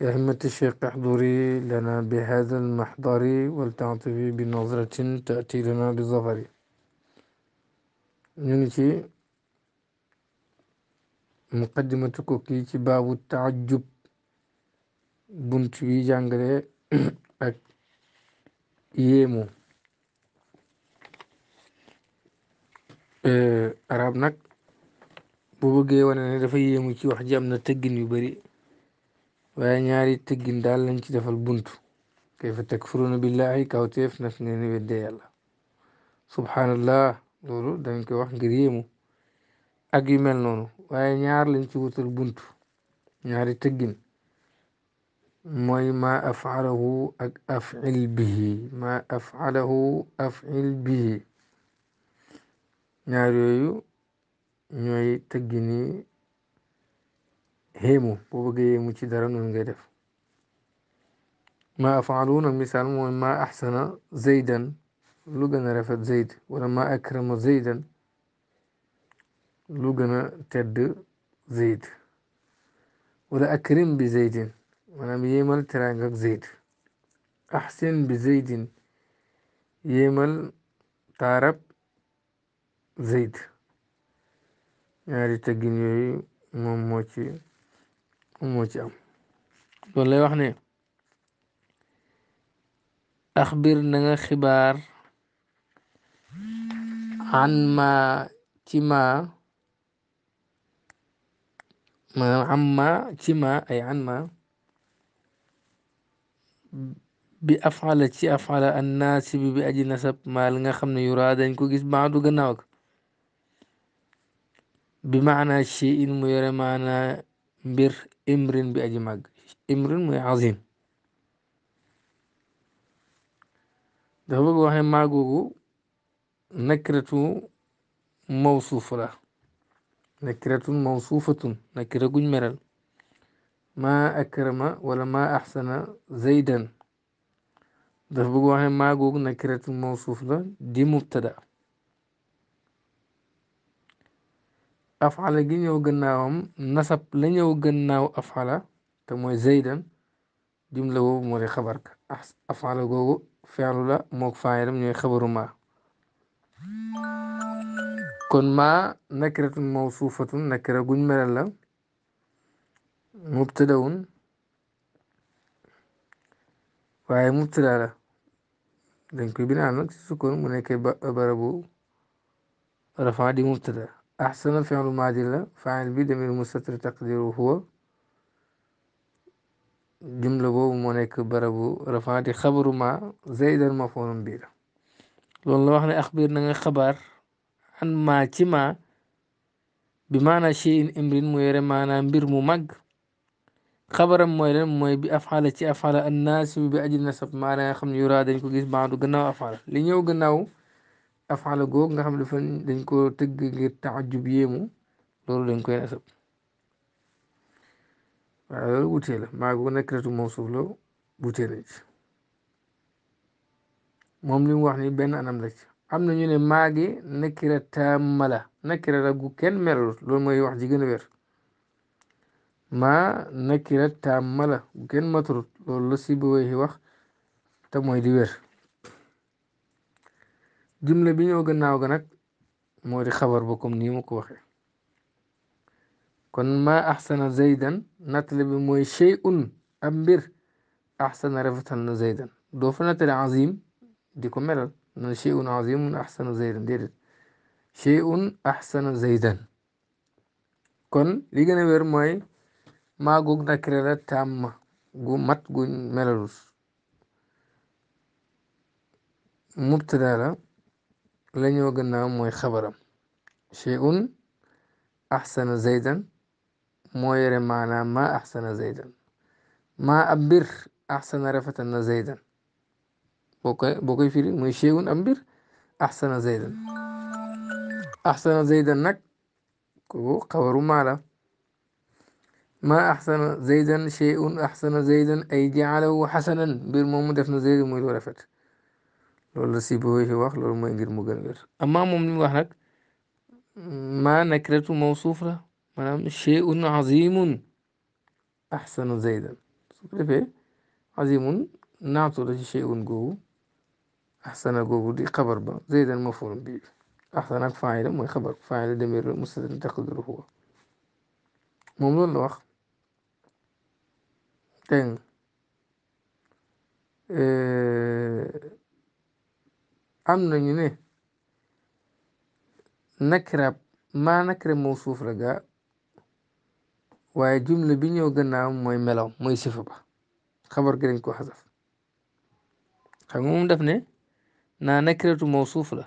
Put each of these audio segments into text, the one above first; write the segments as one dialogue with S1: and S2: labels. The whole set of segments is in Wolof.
S1: يا همة الشيخ احضري لنا بهذا المحضر ولتعطفي بنظرة تأتي لنا بظفر نمشي مقدمة كوكيت باب التعجب بنتي جانغري أك يمو أه، أرابنك بوبو جيوانا نرفي يمو كي وحجامنا تجن بري waaye ñaari tëggin daal lañ ci defal buntu kayfa takfuruna billahi kawteef naf ngeen weddee yàlla subhanallah loolu dañ koy wax ngir yéemu ak yu mel noonu waaye ñaar lañ ci wutal buntu ñaari tëggin mooy ma afalahu ak afil afalahu afil bihi ñaar yooyu ñooy tëggini هيمو بوبجي موتشي دارانو نجرف ما أفعلون مثال ما أحسن زيدا لوجنا رفت زيد ولما أكرم زيدا لوجنا تد زيد ولا أكرم بزيد ولم يمل ترانجك زيد أحسن بزيد يمل تارب زيد يعني تجنيه موموتي moo ci am loolu lay wax ne axbir na nga xibaar an ma ci ma maanaam am ay an ma bi afala ci afala an naasibi bi aji nasab maa nga xam ne yuraa dañ ko gis baadu gannaaw bi maanaa chi in mu yore maanaa mbir imrin bi aji màgg imrin mooy azim dafa bëgg waxe maagoogu nakiratu mawsuuf la nakiratun mawsuufatun nakira guñ meral maa akrama wala maa axsana zaydan dafa bëgg waxe maagoogu nakiratun mawsuuf la di mubtada afala gi ñëw gannaawam nasab la ñëw gannaaw afala te mooy zaydan jumla boobu moo di xabar ka googu feexlu la moog faayilam ñooy xabaru maa kon maa nakiratun mawsuufatun nakira guñ melal la mubtadawun waaye mubtada la dañ koy binaan sukkoon mu nekkee barabu rafaa di mubtada أحسن فعل معدلة فعل بي دمير مستتر تقديره هو جملة بو مونيك برابو رفعتي خبر ما زيد المفهوم بيرا لون لو احنا أخبرنا خبر عن ما تما بمعنى شيء امر مويرا معنى امبير ممج خبر مويرا موي بأفعال تي أفعال الناس بأجل نسب معنى خم يراد انكو جيس بعدو جناو أفعال لنيو جناو afaala googu nga xam dafa dañ koo tëgg ngir taajub yéemu loolu dañ koy nasab waaye loolu wutee la maa gu nakiratu mawsuuf la wutee nañ moom li wax ni benn anam la am na ñu ne maa gi nakira taamma la nakira la gu kenn meralut loolu mooy wax ji gën a wér maa nakira taamma la gu kenn matarut loolu la si ba wax te mooy di wér jumla bi ñëw gannaaw ga nag moo di xabar ba comme nii ma ko waxee kon ma axsana zaydan nattale bi mooy shay'un ab mbir axsana rafetal na zaydan doo fa nattale di ko melal na shay'un azimun axsana zaydan déedéet shay'un axsana zaydan kon li gën a mooy maa goog nakira la gu mat gu melalul mubtada la لن يوجد موي خبرة شيء أحسن زيدا موي معنا ما أحسن زيدا ما أبير أحسن رفت أن زيدا بوكي فيري موي شيء أبر أحسن زيدا أحسن زيدا نك كو قبر معنا ما أحسن زيدا شيء أحسن زيدا أي جعله حسنا بالمومدفن زيدا موي رفت loolu la Sibawayhi wax loolu mooy ngir mu gën a wér amma moom li wax nag maa nakiratu mawsuuf la maanaam shay'un azimun ahsanu zaydan su ko defee azimun naatu la ci shay'un googu ahsana googu di xabar ba zaydan maful bi ahsana ak faa'ila mooy xabar faa'ila demir la mustadrak taqdiru huwa moom loolu la wax dégg nga am na ñu ne nakira maa nakira mawsuuf la gaa waaye jumla bi ñëw gannaaw mooy melaw mooy sifa ba xabar gi dañ ko xasaf xam nga moom def ne naa nakiratu mawsuuf la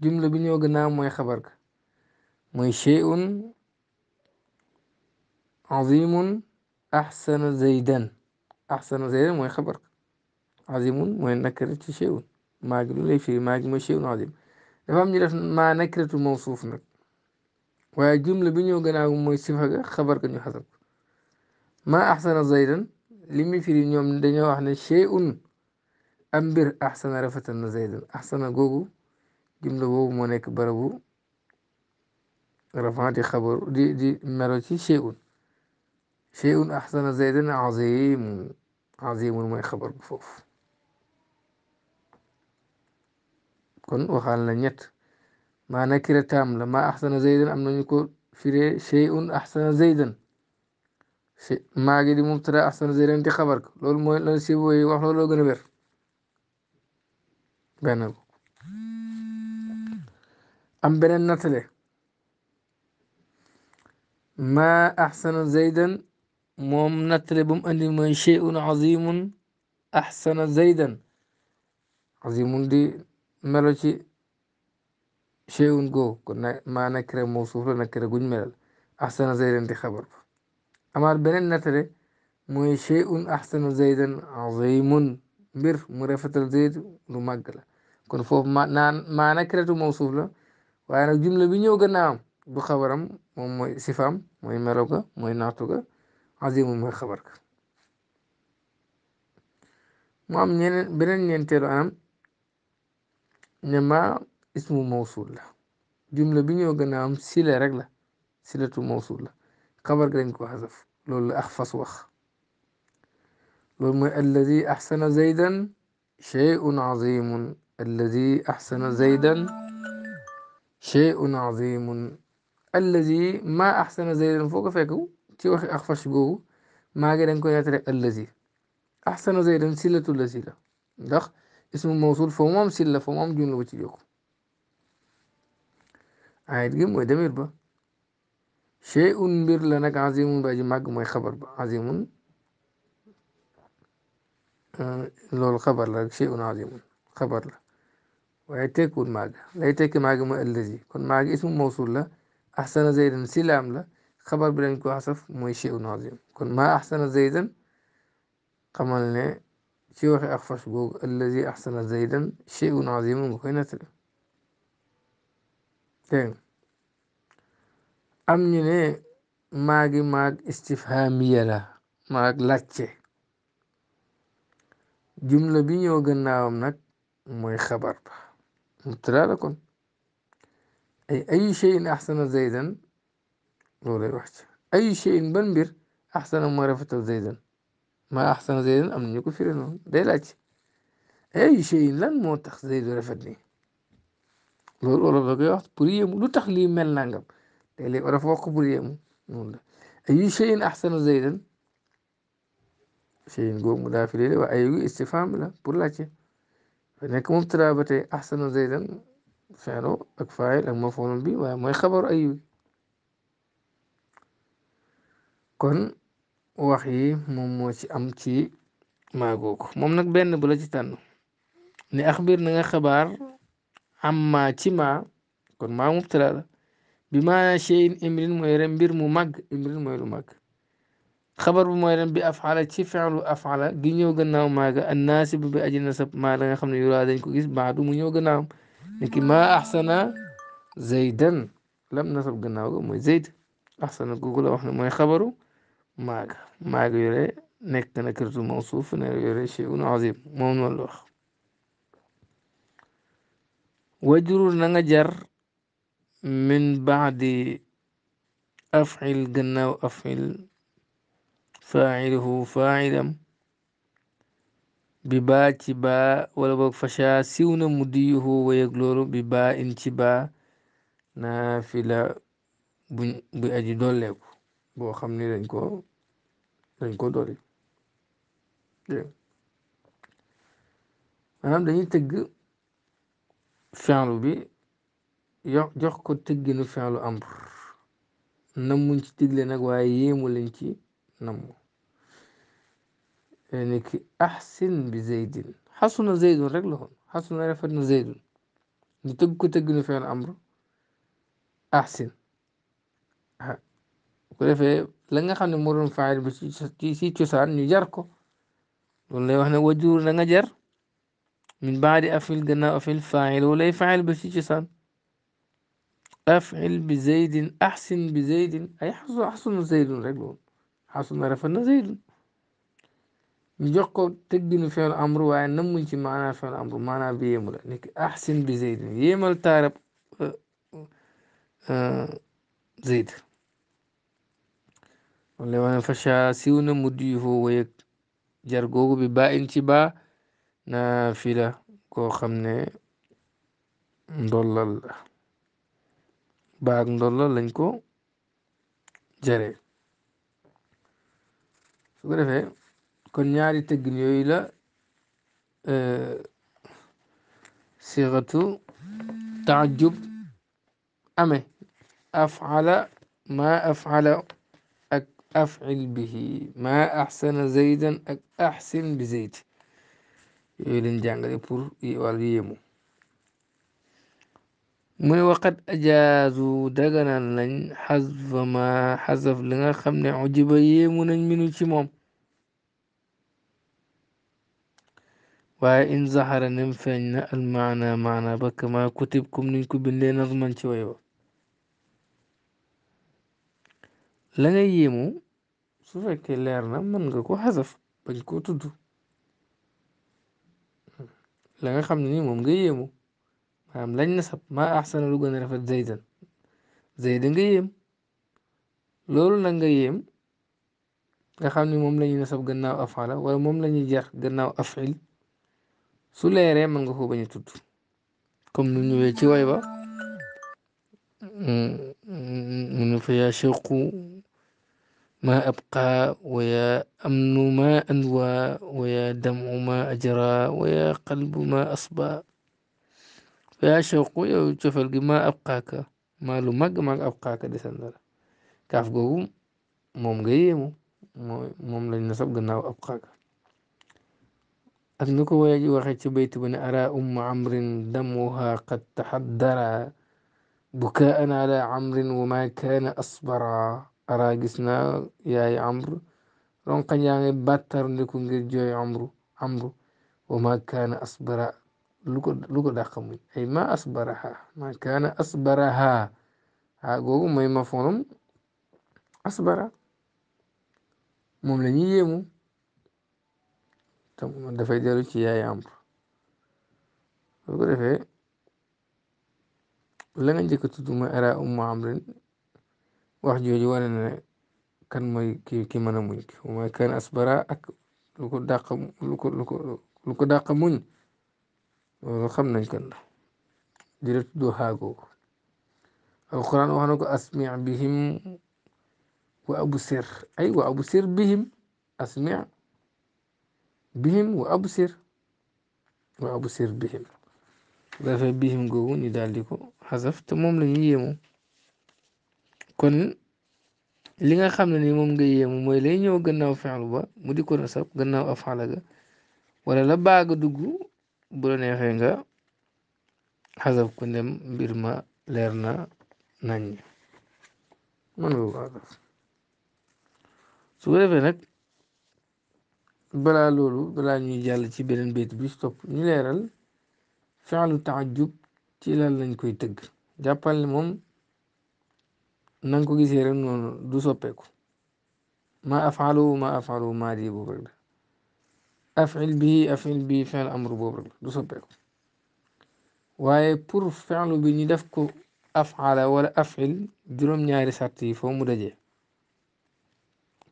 S1: jumla bi ñëw gannaaw mooy xabar ga mooy shay'un azimun axsana zaydan axsana zaydan mooy xabar ga azimun mooy nakira ci shay'un ماك لي في ماك ماشي ونادم فهمني لف ما نكرة الموصوف نك ويا جملة بيني وجناه وموي صفة خبر كني حسب ما أحسن زيدا لم في اليوم الدنيا وحنا شيء أمبر أحسن رفة زيدا أحسن جوجو جملة بو مونيك بربو رفعتي خبر دي دي مرتي شيء شيء أحسن زيدا عظيم عظيم ما خبر بفوف kon waxal na ñett maa nakira taam la ma axsana zaydan am nañu ko firee shay'un axsana zaydan maa ngi di mubtada axsana zaydan di xabar ko loolu mooy lan si wax looloo gën a wér benn ko am beneen nattale maa axsana zaydan moom nattale ba mu andi mooy shay'un azimun axsana zaydan azimun di melo ci cheyun googu kon nag maa nakira mawsuuf la nakira guñ melal ahsana zaydan di xabar ba amaat beneen nattale mooy cheyun ahsana zaydan azimun mbir mu rafetal zayd lu màgg la kon foofu ma naan maa nakiratu mawsuuf la waaye nag jumla bi ñëw gannaawam du xabaram moom mooy sifaam mooy melo mooy naatu ga azimun mooy xabar ka mu am ñeneen beneen anam نما اسم موصول لا جملة بيني وقنا سيلة رجلة سيلة موصول لا خبر جرينكو حذف لول أخفص وخ لو ما الذي أحسن زيدا شيء عظيم الذي أحسن زيدا شيء عظيم الذي ما أحسن زيدا فوق فيكو تي واخي أخفش جو ما جرينكو يا الذي أحسن زيدا سيلة الذي لا دخل اسم الموصول فمام سلة فمام جملة عايد جيم ضمير با شيء بير لنك عظيم باجي ماك ماي خبر با عظيم آه، لو الخبر لك شيء عظيم خبر لك ون ماك لا ماك معك الذي كن ماك اسم موصول لا أحسن زيدا سلة عملة خبر بلنكو حصف مو شيء عظيم كن ما أحسن زيدا قمنا شيوخ أخفش بوغ الذي أحسن زيدا شيء عظيم مخينة تين أمني نيني ماغي ماغ استفهامية لا ماغ لاتش جملة بيني وغنى أمنك موي خبر با مترالكم أي أي شيء أحسن زيدا لولا يوحش أي شيء بنبر أحسن معرفة زيدا ma ahsana zaydan am na ñu ko firi noonu day laaj ay shay lan moo tax zaydu rafet nii loolu lu tax lii mel nangam léeg-léeg olof wax ko pour yéemu noonu la ay shay ahsana zaydan shay googu mu daa firi waa ayu istifham la pour laajte fa nekk moom tara ba zaydan fi'lu ak faa'il ak maf'ul bi waaye mooy xabaru ayu kon wax yi moom moo ci am ci maagoogu moom nag benn bu la ci tànn axbir na nga xabaar am maa maa kon maa mubtala la bi maana cheyin imrin mooy ren mbir mu màgg imrin mooy lu màgg xabar bu mooy ren bi afala ci fenlu afala gi ñëw gannaaw maaga an naasib bi aji nasab maa da nga xam ne yuraa dañ ko gis baadu mu ñëw gannaawam ni ki maa axsana zaydan lam nasab gannaaw ga mooy zayd axsana googu wax ne mooy xabaru maag maag yu nekk na kërtu mawsuuf ne yore shay'un azim moom noonu la wax wajrur na nga jar min baadi afil gannaaw afil faailuhu faailam bi baa ci baa wala boog fasha siw na mu diyuhu wayeg loolu bi baa in ci baa naafila boo xam ni dañ ko dañ ko dolli maanaam dañuy tëgg fi'lu bi yox jox ko tëgginu fi'lu amr nammuñ ci digle nag waaye yéemu lañ ci namm ni ki ahsin bi zeydin xasuna zeydun rek la xoon xasuna rafet na zeydun ñu tëgg ko tëgginu fi'lu amr ahsin bu ko defee la nga xam ne moo doon faayil bi ci ci cosaan ñu jar ko loolu lay wax ne wajur na nga jar min baadi afil gannaaw afil faayil wala faayil bi ci cosaan afil bi zaydin ahsin bi zaydin ay ahsunu zaydun rek loolu ahsuna rafet na zaydun ñu jox ko tegginu feel amru waaye namuñ ci maanaa feel amru maanaa bi yéemu la nekk ahsin bi zaydin yéemal taarab zayd walla wana fasha siiw na muddi yu foo wëyëg jar googu bi ba in ci ba naa fila koo xam ne ndollal la baag ndollal lañ ko jare su ko defee kon ñaari tëggin yooyu la euh, siratu taajub ame afala ma afala af'il bihi maa ahsana zaydan ak ahsin bi zayd yooyu leen jàngale pour wàllu yéemu mu ne waqat ajaazu daganal nañ xasfa ma xasaf li nga xam ne ujiba yéemu nañ minu ci moom waaye in zaxara nem feeñ na al maana maana ba kama kutib comme niñ ko bindee nazman ci way wa la nga yéemu su fekkee leer na mën nga ko xasaf bañ koo tudd la nga xam ne ni moom nga yéemu maanaam lañ nasab maa axsana lu gën a rafet zaydan zayda nga yéem loolu nag nga yéem nga xam ni moom la ñuy nasab gannaaw afala wala moom la ñuy jar gannaaw afil su leeree mën nga ko bañ a tudd comme nu ñëwee ci way ba mu ne fa yaa ما أبقى ويا أمن ما أنوى ويا دمع ما أجرى ويا قلب ما أصبى ويا شوق ويا جفل ما أبقاك ما لمج ما أبقاك دي سندر كاف قوم موم قيم موم لن نصب جناو أبقاك أذنك ويا وخيت بيت بن أرى أم عمرو دمها قد تحدرا بكاء على عمرو وما كان أصبرا araa gis naa yaay amru ronqañ yaa ngi bàttar ndiku ngir jooy amru amru wa ma kaana asbara lu ko lu ay ma asbaraha ma kaana asbaraha haa googu mooy ma fonum asbara moom la ñuy yéemu dafay dellu ci yaay amru bu ko la nga njëkk a tudd araa umma amrin wax jooju wane na kan mooy ki ki mën a muñ mooy kan asbara ak lu ko dàq lu ko lu ko lu ko dàq muñ loolu xam nañ kan la direct doo xaagoo alquran wax na ko asmi bihim wa absir ay wa absir bihim asmi bihim wa absir wa absir bihim dafay bihim googu ñu daal di ko moom la ñu kon li nga xam ne ni moom nga yéemu mooy lay ñëw gannaaw fexlu ba mu di ko nasab gannaaw afaala ga wala la baaga dugg bu neexee nga xasab ko mbir ma leer na nañ man boobu xasab su ko defee nag balaa loolu balaa ñuy jàll ci beneen béyt bi stop ñu leeral fexlu taajub ci lan lañ koy tëgg jàppal ne moom na ko gisee rek noonu du soppeeku ma afalu ma afalu maa di boobu rek afil bii afil bii fi'l amru boobu rek du soppeeku waaye pour fi'lu bi ñu def ko afala wala afil juróom-ñaari sart yi foo mu dajee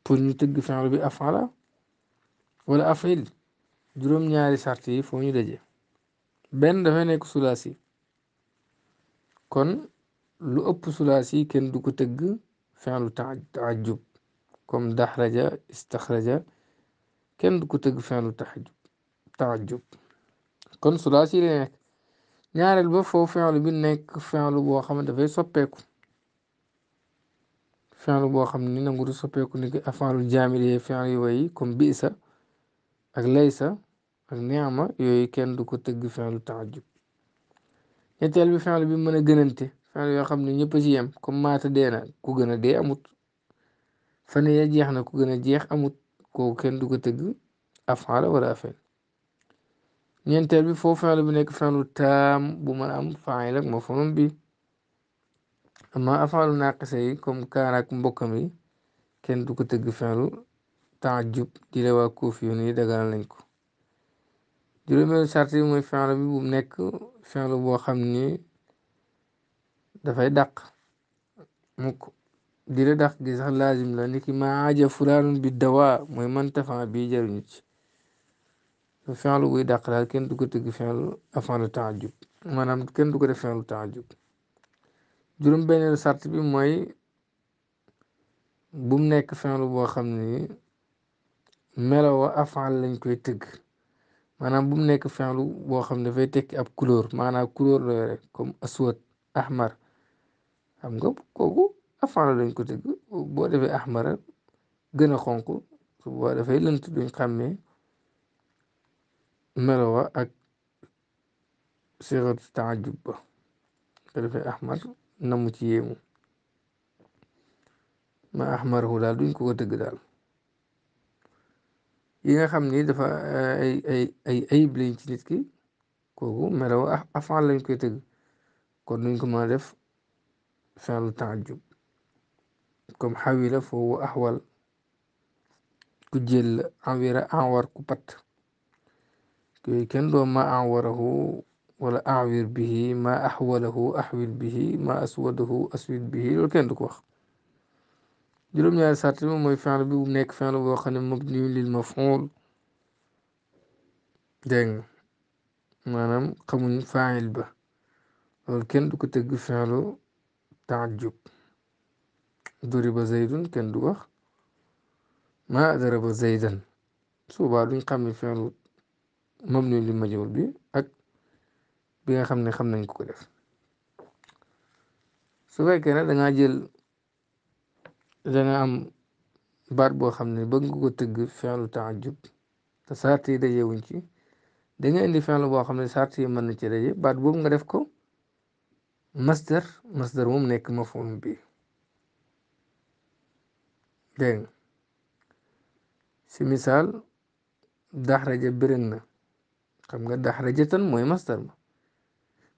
S1: pour ñu tëgg fi'lu bi afala wala afil juróom sart yi foo ñu dajee benn dafay nekk sulaasi kon lu ëpp sulaasi kenn du ko tëgg fi'lu taajub comme daxraja istaxraja kenn du ko tëgg fi'lu taajub kon sulaasi lay ñaareel ba foofu fi'lu bi nekk fi'lu dafay soppeeku fi'lu boo xam ne nangu soppeeku ni ki afaalul jaamil yee fi'lu yu way comme biisa ak laysa ak ni'ama yooyu kenn du ko tëgg fi'lu taajub ñetteel bi fi'lu bi mën a gënante fan yoo xam ne ñëpp ci yem comme maata dee na ku gën a dee amut fan ya jeex na ku gën a jeex amut kooku kenn du ko tëgg afaala wala afel ñeenteel bi foofu fenlu bi nekk fenlu taam bu mën a am faayil ak mafhum bi amma afaalu naaqisa yi comme kenn du ko tëgg fenlu taajub nii daganal nañ ko juróomeelu sart mooy fenlu bi bu nekk fenlu boo xam ni dafay dàq mukk di la dàq gi sax laazim la ni ki ma aaja fulaanun bi dawaa mooy man tafan bii jëriñu ci fi'lu buy dàq daal kenn du ko tëgg fi'lu afalu taajub maanaam kenn du ko def fi'lu taajub juróom-benneelu sart bi mooy bu mu nekk fi'lu boo xam ni melaw afal lañ koy tëgg maanaam bu mu nekk fi'lu boo xam ne dafay tekki ab couleur maanaa couleur la yore comme aswad ahmar xam nga kooku afaan lañ ko tëgg boo defee ahmara gën a xonq su boo dafay lënt duñ xàmme melowa ak siratu taajub ba ko defee ahmar namu ci yéemu ma ahmarahu daal duñ ko ko tëgg daal yi nga xam ni dafa eh, ay ay ay ayib lañ ci nit ki kooku melowa afaan ah, lañ koy tëgg kon duñ ko mën a def fi'lu taajub comme xawila foofu axwal ku jël awira anwar ku pat kenn doo ma anwarahu wala awir bihi ma axwalahu axwil bihi ma aswadahu aswid bihi loolu kenn du ko wax juróom-ñaari sart bi mooy fi'lu bi bu nekk fi'lu boo xam ne mabni lil maf'ul dégg nga maanaam xamuñ faa'il ba loolu kenn du ko tëgg fi'lu taajub duriba zaydun kenn du wax maa daraba zaydan suubaa duñ xam ne fi'lu mabni li majruur bi ak bi nga xam ne xam nañ ko ko def su fekkee ne dangaa jël danga am baat boo xam ne bëgg nga ko tëgg fi'lu taajub te sart yi dajewuñ ci danga indi fi'lu boo xam ne sart yi mën na ci daje baat boobu nga def ko masdar masdar moom nekk ma mafhum bi dégg nga si misaal daxraja birin na xam nga daxraja tan mooy masdar ma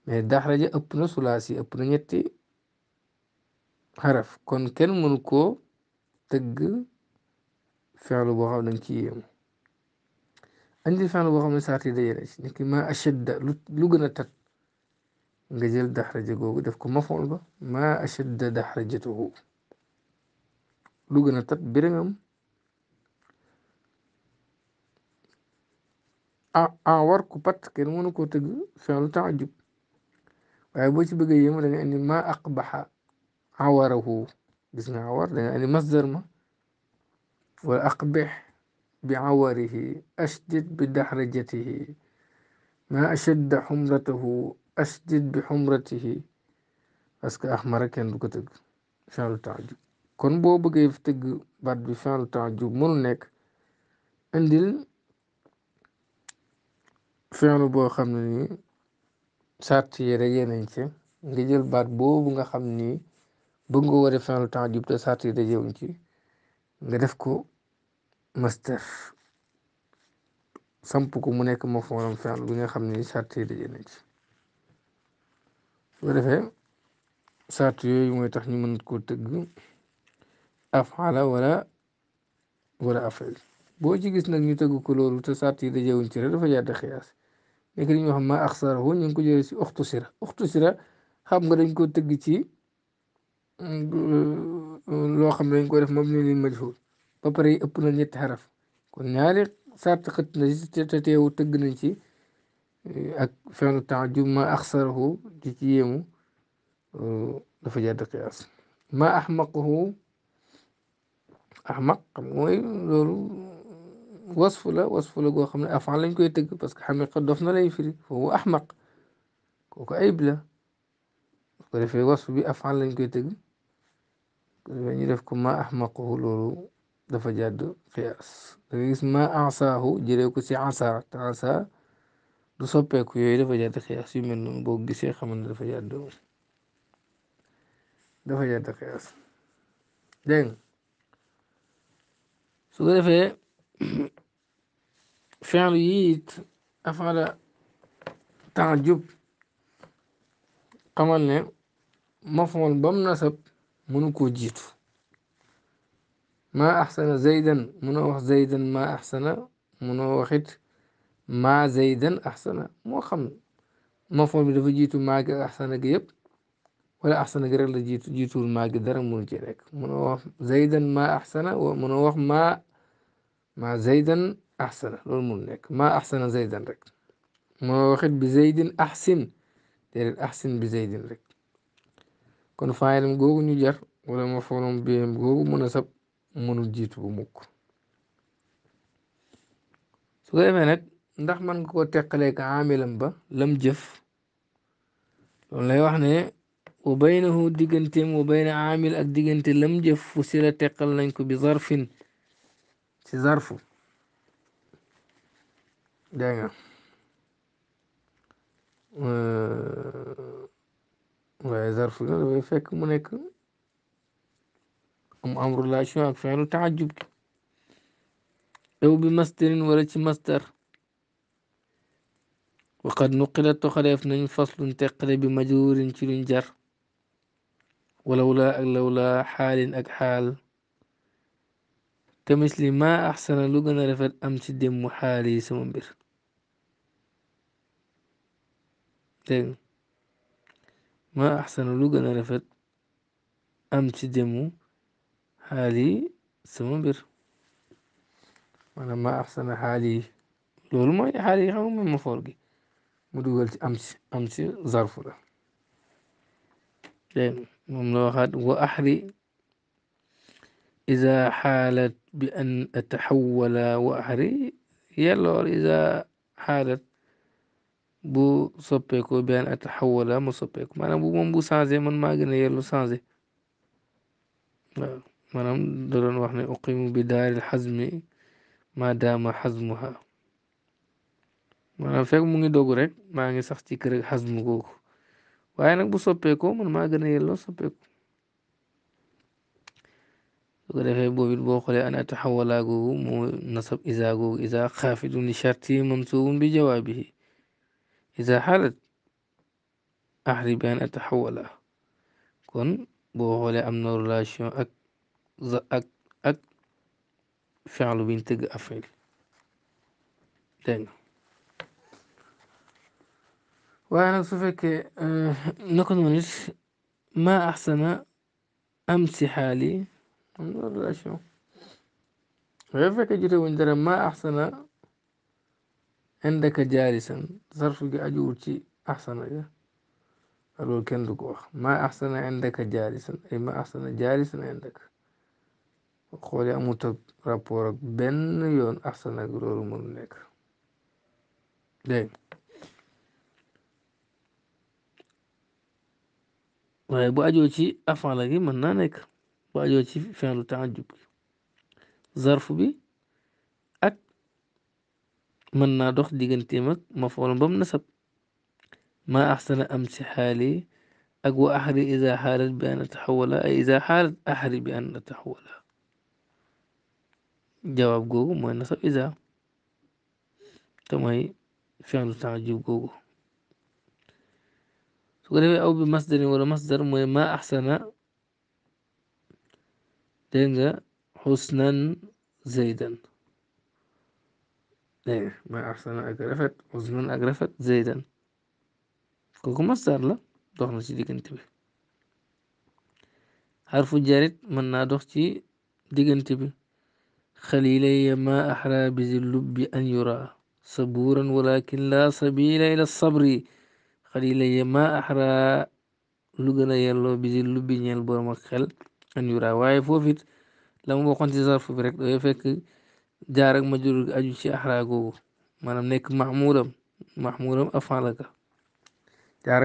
S1: mais daxraja ëpp na sulaasi ëpp na ñetti xaraf kon kenn mënu koo tëgg fexlu boo xam dañ ci yéemu andi fexlu boo xam ne saati dajale ma ashadda lu gën a tat قجل دحرج جوجو دفكو ما فولبا ما أشد دحرجته لوجنا تب برنم آ آ وار كوبات كنونو فعل تعجب ويبوش بقي يوم لأن ما أقبح عوره بسنا عور لأن يعني مصدر ما والأقبح بعوره أشدد بدحرجته ما أشد حمرته ashdid bi xumratihi parce que ahmara kenn du ko tëgg fi'lu taajub kon boo bëggee tëgg baat bi fi'lu taajub mënu nekk indil fi'lu boo xam ne ni sart yi daje nañ ci nga jël baat boobu nga xam ni bëgg nga war a fi'lu jub te sart yi dajewuñ ci nga def ko master samp ko mu nekk ma foolam fi'lu bi nga xam ni sart yi daje nañ ci bu defee sart yooyu mooy tax ñu mën koo tëgg afala wala wala afel boo ci gis nag ñu tëgg ko loolu te sart yi dajewuñ ci rek dafa jàdd xiyaas nekk li ñu ma axsarahu ñu ngi ko jëlee si oxtu sira oxtu sira xam nga dañ koo tëgg ci mm, loo xam ne dañ ko def moom ni ma majhul ba pare ëpp na ñetti xaraf kon ñaari sart xët na ci te teewu tëgg nañ ci ak fin de temps jub ma axsarahu di ci yéemu dafa jadd qiyaas ma axmaquhu axmaq xam nga mooy loolu wasfu la wasfu la goo xam ne afaan lañ koy tëgg parce que xamiqa dof na lay firi foofu axmaq kooku ayib la su ko defee wasfu bi afaan lañ koy tëgg ñu def ko ma axmaquhu loolu dafa jadd qiyaas da nga gis ma ansaahu jëlee ko si ansa te ansa lu soppeeku yooyu dafa jàdd xiyaas yu mel noonu boo gisee xamal na dafa jàdd dafa jàdd xiyaas dégg su ko defee fi'lu yi it afala taajub xamal ne maf'ul bam nasab mënu koo jiitu maa axsana zaydan mënoo wax zaydan maa axsana mënoo waxit maa zaydan axsana moo xam mafoon bi dafa jiitu maa gi axsana gi yëpp wala axsana gi rek la jiitu jiituwul maa gi dara mënu ci nekk mënoo wax zaydan maa axsana mënoo wax maa maa zaydan axsana loolu mun nekk maa axsana zaydan rek mënoo waxit bi zaydin axsin déedéet axsin bi zaydin rek kon faayilam googu ñu jar wala mafoonam bi googu mën a sab mënul jiitu bu mukk su ko defee nag ndax man nga ko ka amilam ba lam jëf loolu lay wax ne wa baynahu digganteem wa bayna amil ak diggante lam jëf fu si la teqal nañ ko bi zarfin ci zarfu dégg nga waaye zarfu ga dafay fekk mu nekk am am relation ak fi'lu taajub gi aw bi masdarin wala ci masdar وقد نقلت وخلاف من فصل تقل بمجور تلنجر ولولا لولا حال أجحال كمثل ما أحسن لغنا رفت أمس دم حالي سمبر ما أحسن لغنا رفت أمس دم حالي سمبر أنا ما أحسن حالي لول ما حالي هم مفرقي mu dugal ci am ci am ci zarfu la dégg moom la waxaat wa axri iza xaalat bi an ataxawala wa axri yellool iza xaalat bu soppeeku bi an ataxawala mu soppeeku maanaam bu moom bu changé man maa gën a yellu changé waaw maanaam da doon wax ne uqimu bi daaril xazmi ma daama xazmuha maanaam fekk mu ngi dogu rek maa ngi sax ci kër ak xasmu googu waaye nag bu soppeekoo man maa gën a yelloo soppeeku su ko defee boobu it boo xoolee ana taxawalaa googu mu nasab isa googu isa xaafidun li sharti mansuubun bi jawaabihi isa xaalat axri bi an ataxawala kon boo xoolee am na relation ak ak ak fi'lu biñ tëgg afil dégg nga waa nag su fekkee eh, naka noonu ma axsana am si xaali relation waaye bu fekkee jote wuñ dara ma axsana indaka jaalisan sarfu gi ajuwul ci axsana ga loolu kenn du ko wax ma axsana indaka jaalisan ay ma axsana jaalisan indaka xoole amut ak rapport ak benn yoon axsana ak loolu mënu nekk waaye bu ajoo ci afala gi mën naa nekk bu ajoo ci fin lu taajub zarf bi ak mën naa dox digganteem ak mafoolum bam nasab ma axsana am si xaali ak wa axri ida xaalat bi an ataxawala ay ida xaalat axri bi an ataxawala jawaab googu mooy nasab ida te mooy fin lu taajub googu تقول أو بمصدر ولا مصدر ما أحسن دينجا حسنا زيدا إيه ما أحسن أجرفت حسنا أجرفت زيدا كوكو مصدر لا دخنا شي ديك انتبه حرف جارد من نادوختي ديك انتبه خليلي ما أحرى بذي اللب أن يرى صبورا ولكن لا سبيل إلى الصبر xalila ye ma axra lu gën a yelloo bisi lubbi ñeel borom ak xel waaye foofu it la mu waxoon ci sarf rek dafay fekk jaar majur aju axra googu maanaam nekk mahmuram mahmuram afan la ka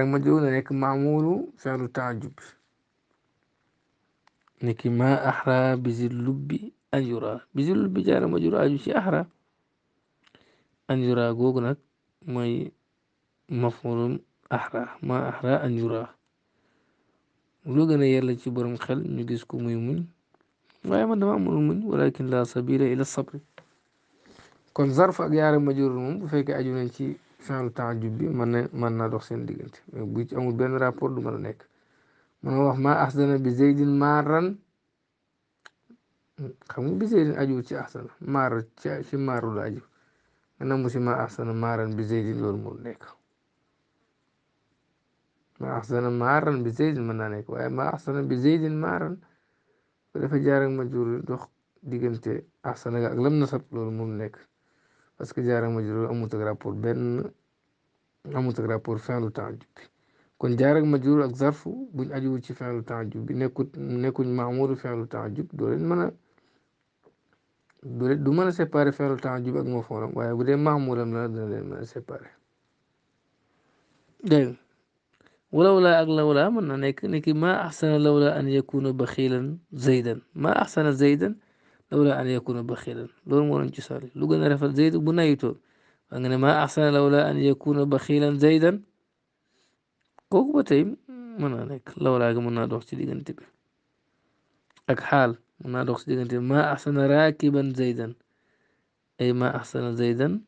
S1: majur na axra bisi lubbi nag mooy mafulum ahra ma ahra an yura loo gën a yàlla ci borom xel ñu gis ko muy muñ waaye man dama mënul muñ walakin la sabila ila sabri kon zarf ak yaara majur moom bu fekkee aju nañ ci fin lu taajub bi mën na mën naa dox seen diggante mais bu ci amul benn rapport du mën a nekk mën a wax ma ahsana bi zeydin maaran xam nga bi zeydin aju ci ahsana maar ci maaru la aju nga namu si ma ahsana maaran bi zeydin loolu moo nekk ma axsana maaran bi zeydin mën naa nekk waaye ma axsana bi zeydin maaran bu dafa jaar ak dox diggante axsana ga ak lam nasab loolu moom nekk parce que jaar ak majur amut ak benn amut ak rapport fin kon jaar ak majur ak zarfu buñ ajuwu ci fin lu taajub bi nekkut nekkuñ maamuuru fin lu taajub doo leen mën a du mën a séparer fin lu taajub ak moo fooram waaye bu dee maamuuram la dana leen mën a séparer dégg ولولا لولا من أن ما أحسن لولا أن يكون بخيلا زيدا ما أحسن زيدا لولا أن يكون بخيلا لون مورن جسالي لقنا رفض زيد بنايته أن ما أحسن لولا أن يكون بخيلا زيدا كوكبتين من أنك لولا من أدوخ سيدي غنتبه أك حال من أدوخ سيدي ما أحسن راكبا زيدا أي ما أحسن زيدا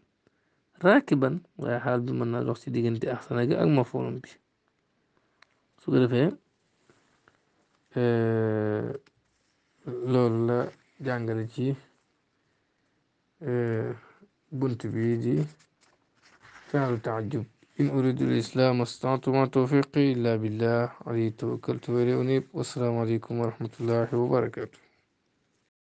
S1: راكبا ويا حال بمن أدوخ سيدي غنتبه أحسن أك مفهوم بيه su ko defee loolu la jàngale ci bunt bi di fi'lu taajub in uridu lislam astaatu ma tawfiqi illa billah alayhi tawakkaltu wa ilayhi unib wassalaamu alaykum wa rahmatullahi wa barakatuh